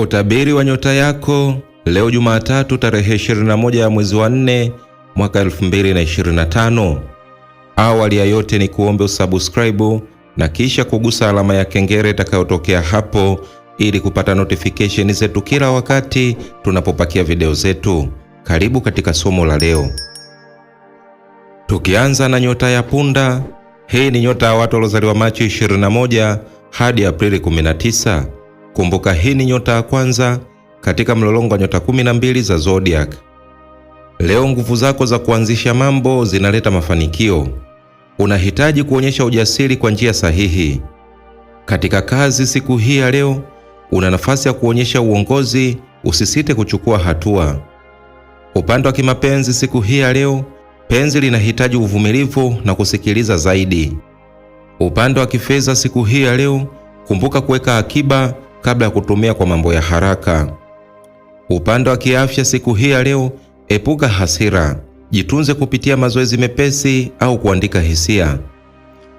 Utabiri wa nyota yako leo Jumatatu tarehe 21 ya mwezi wa 4 mwaka 2025. Awali ya yote ni kuombe usubscribe na kisha kugusa alama ya kengele itakayotokea hapo ili kupata notification zetu kila wakati tunapopakia video zetu. Karibu katika somo la leo, tukianza na nyota ya punda. Hii ni nyota ya watu waliozaliwa Machi 21 hadi Aprili 19. Kumbuka hii ni nyota ya kwanza katika mlolongo wa nyota mbili za zodiac. Leo nguvu zako za kuanzisha mambo zinaleta mafanikio. Unahitaji kuonyesha ujasiri kwa njia sahihi. Katika kazi siku hii ya leo, una nafasi ya kuonyesha uongozi, usisite kuchukua hatua. Upande wa kimapenzi siku hii ya leo, penzi linahitaji uvumilivu na kusikiliza zaidi. Upande wa kifedha siku hii ya leo, kumbuka kuweka akiba kabla ya kutumia kwa mambo ya haraka. Upande wa kiafya siku hii ya leo, epuka hasira, jitunze kupitia mazoezi mepesi au kuandika hisia.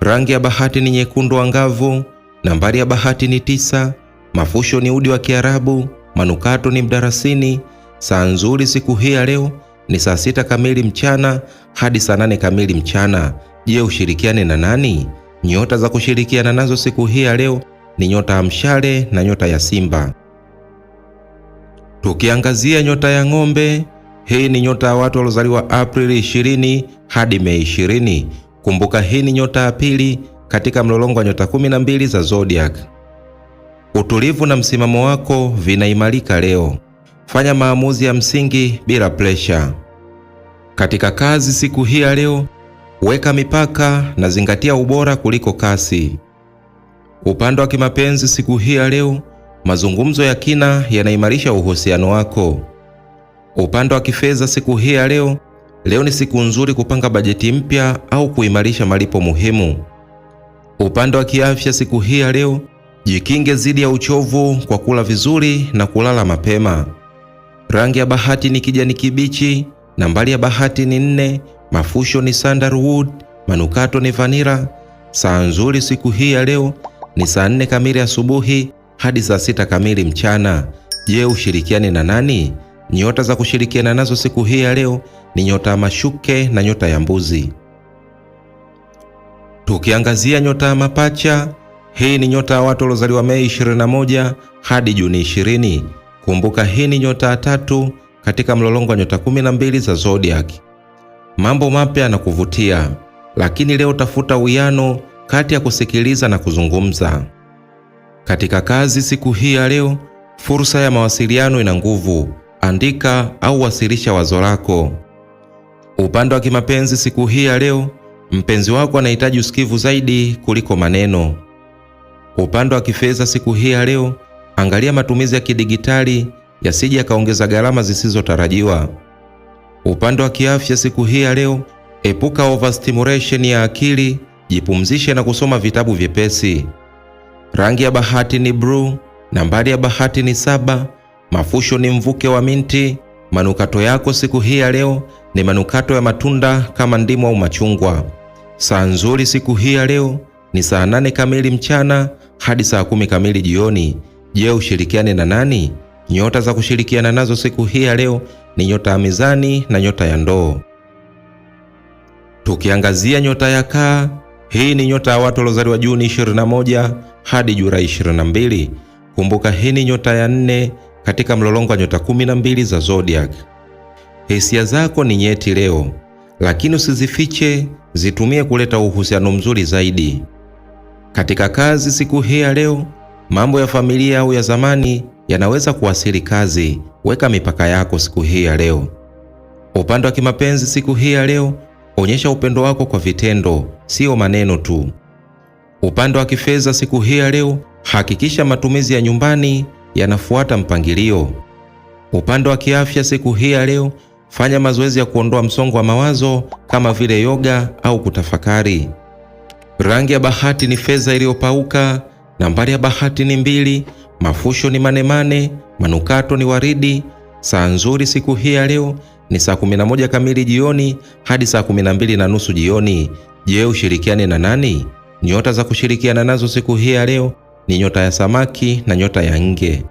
Rangi ya bahati ni nyekundu angavu. Nambari ya bahati ni tisa. Mafusho ni udi wa Kiarabu. Manukato ni mdarasini. Saa nzuri siku hii ya leo ni saa sita kamili mchana hadi saa nane kamili mchana. Je, ushirikiane na nani? Nyota za kushirikiana nazo siku hii ya leo ni nyota ya mshale na nyota ya simba. Tukiangazia nyota ya ng'ombe, hii ni nyota ya watu waliozaliwa Aprili 20 hadi Mei 20. Kumbuka hii ni nyota ya pili katika mlolongo wa nyota 12 za zodiac. Utulivu na msimamo wako vinaimarika leo. Fanya maamuzi ya msingi bila presha. Katika kazi siku hii ya leo, weka mipaka na zingatia ubora kuliko kasi. Upande wa kimapenzi siku hii ya leo, mazungumzo ya kina yanaimarisha uhusiano wako. Upande wa kifedha siku hii ya leo, leo ni siku nzuri kupanga bajeti mpya au kuimarisha malipo muhimu. Upande wa kiafya siku hii ya leo, jikinge dhidi ya uchovu kwa kula vizuri na kulala mapema. Rangi ya bahati ni kijani kibichi. Nambari ya bahati ni nne. Mafusho ni sandalwood. Manukato ni vanira. Saa nzuri siku hii ya leo ni saa nne kamili asubuhi hadi saa sita kamili mchana. Je, ushirikiane na nani? Nyota za kushirikiana nazo siku hii ya leo ni nyota ya mashuke na nyota ya mbuzi. Tukiangazia nyota ya mapacha, hii ni nyota ya watu waliozaliwa Mei 21 hadi Juni 20. Kumbuka hii ni nyota ya tatu katika mlolongo wa nyota 12 za zodiac. Mambo mapya na kuvutia, lakini leo tafuta uwiano kati ya kusikiliza na kuzungumza. Katika kazi siku hii ya leo, fursa ya mawasiliano ina nguvu. Andika au wasilisha wazo lako. Upande wa kimapenzi siku hii ya leo, mpenzi wako anahitaji usikivu zaidi kuliko maneno. Upande wa kifedha siku hii ya leo, angalia matumizi ya kidigitali yasije yakaongeza gharama zisizotarajiwa. Upande wa kiafya siku hii ya leo, epuka overstimulation ya akili jipumzishe na kusoma vitabu vyepesi. Rangi ya bahati ni bluu, nambari ya bahati ni saba, mafusho ni mvuke wa minti. Manukato yako siku hii ya leo ni manukato ya matunda kama ndimu au machungwa. Saa nzuri siku hii ya leo ni saa nane kamili mchana hadi saa kumi kamili jioni. Je, ushirikiane na nani? Nyota za kushirikiana nazo siku hii ya leo ni nyota ya mizani na nyota ya ndoo. Tukiangazia nyota ya kaa, hii ni nyota ya watu waliozaliwa Juni 21 hadi Julai 22. Kumbuka, hii ni nyota ya nne katika mlolongo wa nyota 12 za zodiac. Hisia zako ni nyeti leo, lakini usizifiche, zitumie kuleta uhusiano mzuri zaidi. Katika kazi siku hii ya leo, mambo ya familia au ya zamani yanaweza kuwasili kazi. Weka mipaka yako siku hii ya leo. Upande wa kimapenzi siku hii ya leo, Onyesha upendo wako kwa vitendo, siyo maneno tu. Upande wa kifedha siku hii ya leo, hakikisha matumizi ya nyumbani yanafuata mpangilio. Upande wa kiafya siku hii ya leo, fanya mazoezi ya kuondoa msongo wa mawazo kama vile yoga au kutafakari. Rangi ya bahati ni fedha iliyopauka. Nambari ya bahati ni mbili. Mafusho ni manemane. Manukato ni waridi. Saa nzuri siku hii ya leo ni saa 11 kamili jioni hadi saa 12 na nusu jioni. Je, ushirikiane na nani? Nyota za kushirikiana nazo siku hii ya leo ni nyota ya samaki na nyota ya nge.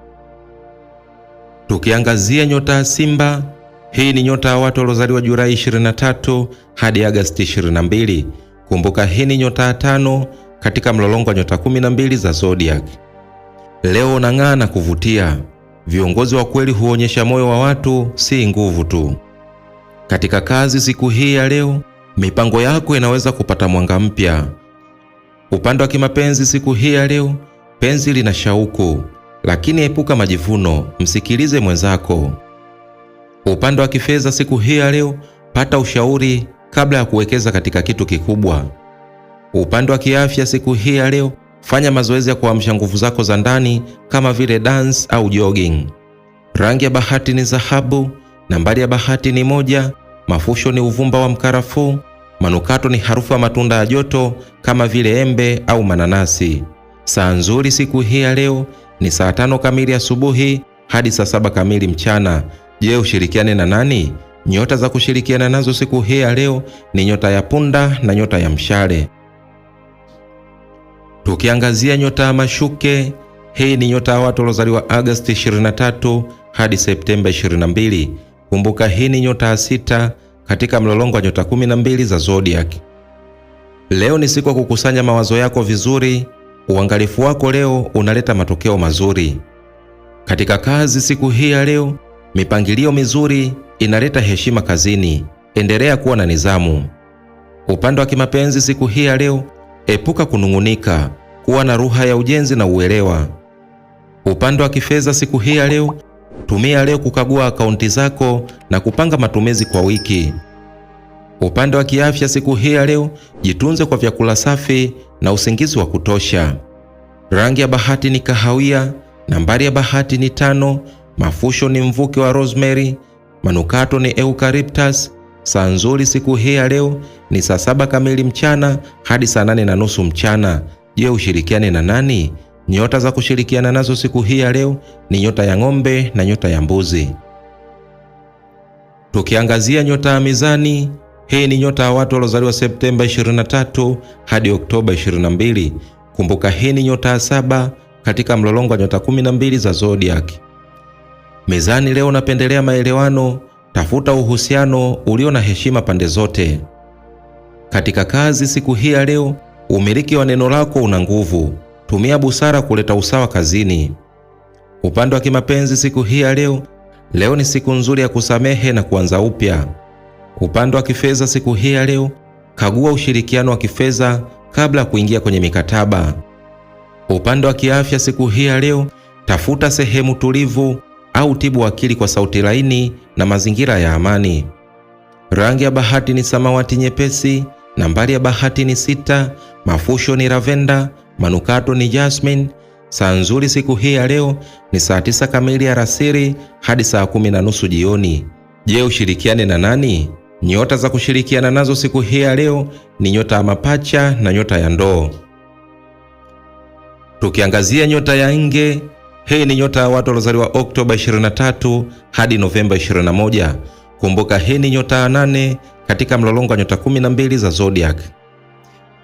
Tukiangazia nyota ya Simba, hii ni nyota ya watu waliozaliwa Julai 23 hadi Agasti 22. Kumbuka, hii ni nyota ya tano katika mlolongo wa nyota 12 za zodiac. Leo unang'aa na kuvutia. Viongozi wa kweli huonyesha moyo wa watu, si nguvu tu. Katika kazi siku hii ya leo, mipango yako inaweza kupata mwanga mpya. Upande wa kimapenzi siku hii ya leo, penzi lina shauku, lakini epuka majivuno, msikilize mwenzako. Upande wa kifedha siku hii ya leo, pata ushauri kabla ya kuwekeza katika kitu kikubwa. Upande wa kiafya siku hii ya leo, fanya mazoezi ya kuamsha nguvu zako za ndani kama vile dance au jogging. Rangi ya bahati ni dhahabu. Nambari ya bahati ni moja. Mafusho ni uvumba wa mkarafuu. Manukato ni harufu ya matunda ya joto kama vile embe au mananasi. Saa nzuri siku hii ya leo ni saa tano kamili asubuhi hadi saa saba kamili mchana. Je, ushirikiane na nani? Nyota za kushirikiana nazo siku hii ya leo ni nyota ya punda na nyota ya mshale. Tukiangazia nyota ya mashuke, hii ni nyota ya watu waliozaliwa Agosti 23 hadi Septemba 22. Kumbuka hii ni nyota ya sita katika mlolongo wa nyota 12 za zodiac. Leo ni siku ya kukusanya mawazo yako vizuri. Uangalifu wako leo unaleta matokeo mazuri katika kazi. Siku hii ya leo, mipangilio mizuri inaleta heshima kazini. Endelea kuwa na nidhamu. Upande wa kimapenzi, siku hii ya leo, epuka kunung'unika. Kuwa na ruha ya ujenzi na uelewa. Upande wa kifedha, siku hii ya leo, Tumia leo kukagua akaunti zako na kupanga matumizi kwa wiki. Upande wa kiafya siku hii ya leo, jitunze kwa vyakula safi na usingizi wa kutosha. Rangi ya bahati ni kahawia, nambari ya bahati ni tano, mafusho ni mvuke wa rosemary, manukato ni eucalyptus. Saa nzuri siku hii ya leo ni saa saba kamili mchana hadi saa nane na nusu mchana. Je, ushirikiane na nani? Nyota za kushirikiana nazo siku hii ya leo ni nyota ya ng'ombe na nyota ya mbuzi. Tukiangazia nyota ya mizani, hii ni nyota ya watu waliozaliwa Septemba 23 hadi Oktoba 22. Kumbuka hii ni nyota ya saba katika mlolongo wa nyota 12 za zodiac. Mizani leo unapendelea maelewano, tafuta uhusiano ulio na heshima pande zote. Katika kazi siku hii ya leo, umiliki wa neno lako una nguvu tumia busara kuleta usawa kazini. Upande wa kimapenzi siku hii ya leo, leo ni siku nzuri ya kusamehe na kuanza upya. Upande wa kifedha siku hii ya leo, kagua ushirikiano wa kifedha kabla ya kuingia kwenye mikataba. Upande wa kiafya siku hii ya leo, tafuta sehemu tulivu au tibu akili kwa sauti laini na mazingira ya amani. Rangi ya bahati ni samawati nyepesi. Nambari ya bahati ni sita. Mafusho ni ravenda. Manukato ni Jasmine. Saa nzuri siku hii ya leo ni saa tisa kamili alasiri hadi saa kumi na nusu jioni. Je, ushirikiane na nani? Nyota za kushirikiana nazo siku hii ya leo ni nyota ya mapacha na nyota ya ndoo. Tukiangazia nyota ya nge, hii ni nyota ya watu waliozaliwa Oktoba 23 hadi Novemba 21. Kumbuka hii ni nyota ya nane katika mlolongo wa nyota 12 za zodiac.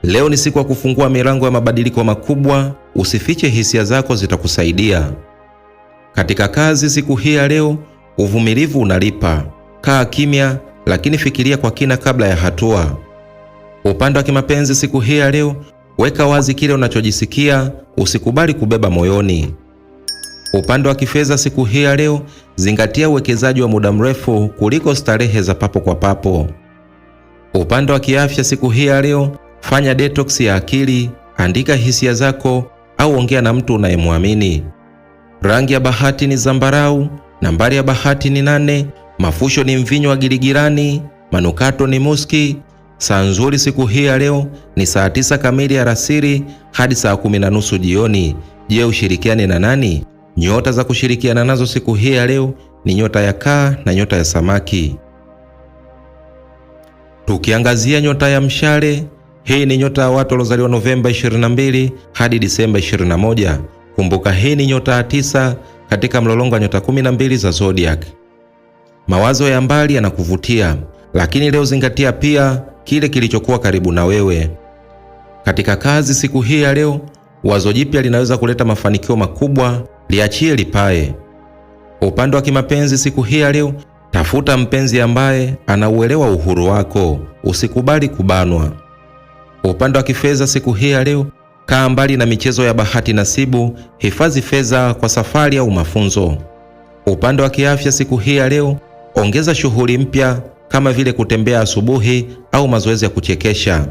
Leo ni siku ya kufungua milango ya mabadiliko makubwa. Usifiche hisia zako, zitakusaidia katika kazi. Siku hii ya leo, uvumilivu unalipa. Kaa kimya, lakini fikiria kwa kina kabla ya hatua. Upande wa kimapenzi, siku hii ya leo, weka wazi kile unachojisikia, usikubali kubeba moyoni. Upande wa kifedha, siku hii ya leo, zingatia uwekezaji wa muda mrefu kuliko starehe za papo kwa papo. Upande wa kiafya, siku hii ya leo fanya detox ya akili, andika hisia zako au ongea na mtu unayemwamini. Rangi ya bahati ni zambarau, nambari ya bahati ni nane, mafusho ni mvinyo wa giligirani, manukato ni muski. Saa nzuri siku hii ya leo ni saa tisa kamili alasiri hadi saa kumi na nusu jioni. Je, ushirikiane na nani? Nyota za kushirikiana nazo siku hii ya leo ni nyota ya kaa na nyota ya samaki. Tukiangazia nyota ya mshale, hii ni nyota ya watu waliozaliwa Novemba 22 hadi Disemba 21. Kumbuka hii ni nyota ya tisa katika mlolongo wa nyota 12 za zodiac. Mawazo ya mbali yanakuvutia, lakini leo zingatia pia kile kilichokuwa karibu na wewe. Katika kazi siku hii ya leo, wazo jipya linaweza kuleta mafanikio makubwa, liachie lipae. Upande wa kimapenzi siku hii ya leo, tafuta mpenzi ambaye anauelewa uhuru wako, usikubali kubanwa. Kwa upande wa kifedha siku hii ya leo, kaa mbali na michezo ya bahati nasibu, hifadhi fedha kwa safari au mafunzo. Kwa upande wa kiafya siku hii ya leo, ongeza shughuli mpya kama vile kutembea asubuhi au mazoezi ya kuchekesha.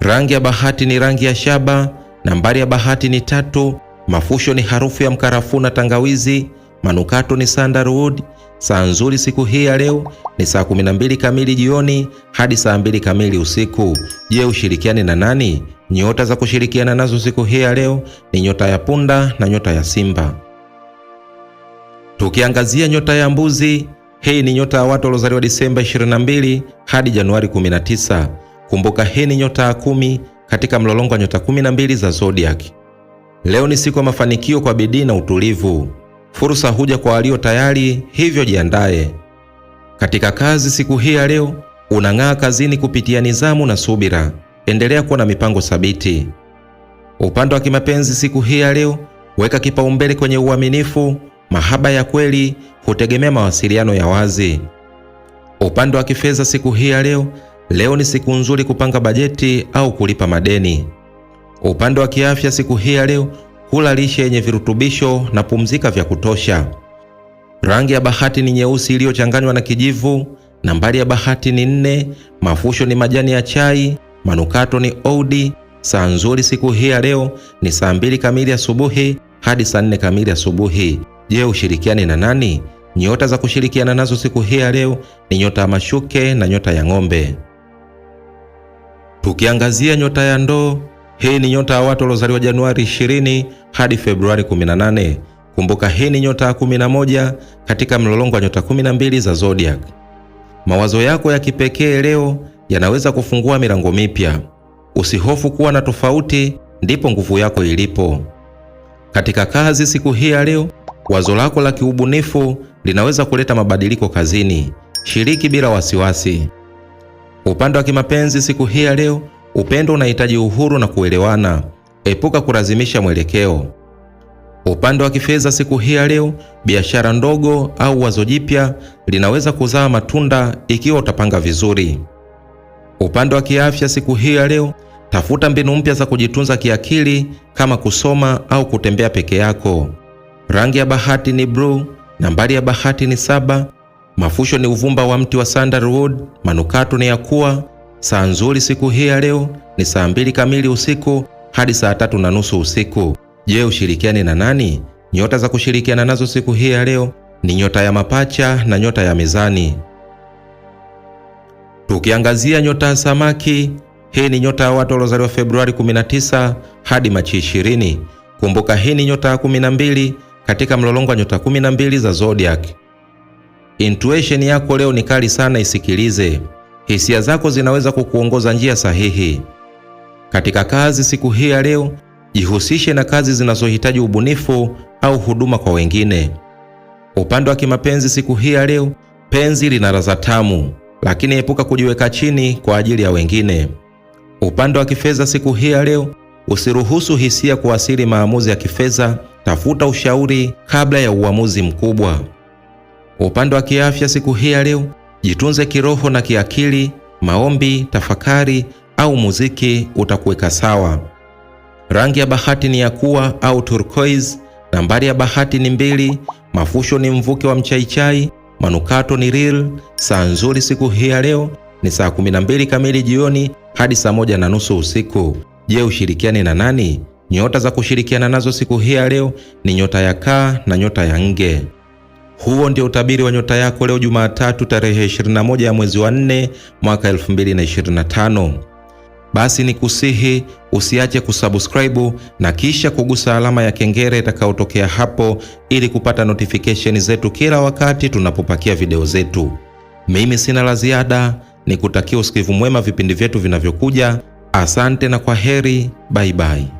Rangi ya bahati ni rangi ya shaba. Nambari ya bahati ni tatu. Mafusho ni harufu ya mkarafuu na tangawizi. Manukato ni sandalwood. Saa nzuri siku hii ya leo ni saa 12 kamili jioni hadi saa 2 kamili usiku. Je, ushirikiane na nani? Nyota za kushirikiana nazo siku hii ya leo ni nyota ya punda na nyota ya simba. Tukiangazia nyota ya mbuzi, hii ni nyota ya watu waliozaliwa Disemba 22 hadi Januari 19. Kumbuka hii ni nyota ya kumi katika mlolongo wa nyota 12 za zodiac. Leo ni siku ya mafanikio kwa bidii na utulivu. Fursa huja kwa walio tayari, hivyo jiandaye. Katika kazi siku hii ya leo, unang'aa kazini kupitia nidhamu na subira. Endelea kuwa na mipango thabiti. Upande wa kimapenzi siku hii ya leo, weka kipaumbele kwenye uaminifu. Mahaba ya kweli hutegemea mawasiliano ya wazi. Upande wa kifedha siku hii ya leo, leo ni siku nzuri kupanga bajeti au kulipa madeni. Upande wa kiafya siku hii ya leo, kula lishe yenye virutubisho na pumzika vya kutosha. Rangi ya bahati ni nyeusi iliyochanganywa na kijivu. Nambari ya bahati ni nne. Mafusho ni majani ya chai. Manukato ni oudi. Saa nzuri siku hii ya leo ni saa mbili kamili asubuhi hadi saa nne kamili asubuhi. Je, ushirikiane na nani? Nyota za kushirikiana nazo siku hii ya leo ni nyota ya mashuke na nyota ya ng'ombe. Tukiangazia nyota ya ndoo, hii ni nyota ya watu waliozaliwa Januari 20 hadi Februari 18. Kumbuka hii ni nyota ya 11 katika mlolongo wa nyota 12 za zodiac. Mawazo yako ya kipekee leo yanaweza kufungua milango mipya. Usihofu kuwa na tofauti, ndipo nguvu yako ilipo. Katika kazi siku hii ya leo, wazo lako la kiubunifu linaweza kuleta mabadiliko kazini. Shiriki bila wasiwasi. Upande wa kimapenzi siku hii ya leo, Upendo unahitaji uhuru na kuelewana. Epuka kulazimisha mwelekeo. Upande wa kifedha siku hii ya leo, biashara ndogo au wazo jipya linaweza kuzaa matunda ikiwa utapanga vizuri. Upande wa kiafya siku hii ya leo, tafuta mbinu mpya za kujitunza kiakili kama kusoma au kutembea peke yako. Rangi ya bahati ni blue, nambari ya bahati ni saba, mafusho ni uvumba wa mti wa sandalwood, manukato ni kuwa, Saa nzuri siku hii ya leo ni saa mbili kamili usiku hadi saa tatu na nusu usiku. Je, ushirikiane na nani? Nyota za kushirikiana nazo siku hii ya leo ni nyota ya mapacha na nyota ya mezani. Tukiangazia nyota ya samaki, hii ni nyota ya watu waliozaliwa Februari 19 hadi Machi 20. Kumbuka hii ni nyota ya 12 katika mlolongo wa nyota 12 za zodiac. Intuition yako leo ni kali sana, isikilize hisia zako zinaweza kukuongoza njia sahihi. Katika kazi siku hii ya leo, jihusishe na kazi zinazohitaji ubunifu au huduma kwa wengine. Upande wa kimapenzi siku hii ya leo, penzi lina ladha tamu, lakini epuka kujiweka chini kwa ajili ya wengine. Upande wa kifedha siku hii ya leo, usiruhusu hisia kuasili maamuzi ya kifedha. Tafuta ushauri kabla ya uamuzi mkubwa. Upande wa kiafya siku hii ya leo, Jitunze kiroho na kiakili. Maombi, tafakari au muziki utakuweka sawa. Rangi ya bahati ni ya kuwa au turquoise. Nambari ya bahati ni mbili. Mafusho ni mvuke wa mchaichai. Manukato ni real. Saa nzuri siku hii ya leo ni saa 12 kamili jioni hadi saa moja na nusu usiku. Je, ushirikiane na nani? Nyota za kushirikiana nazo siku hii ya leo ni nyota ya kaa na nyota ya nge. Huo ndio utabiri wa nyota yako leo Jumatatu tarehe 21 ya mwezi wa 4 mwaka 2025. Basi ni kusihi usiache kusubscribe na kisha kugusa alama ya kengele itakayotokea hapo ili kupata notification zetu kila wakati tunapopakia video zetu. Mimi sina la ziada, nikutakia usikivu mwema vipindi vyetu vinavyokuja. Asante na kwa heri, bye bye.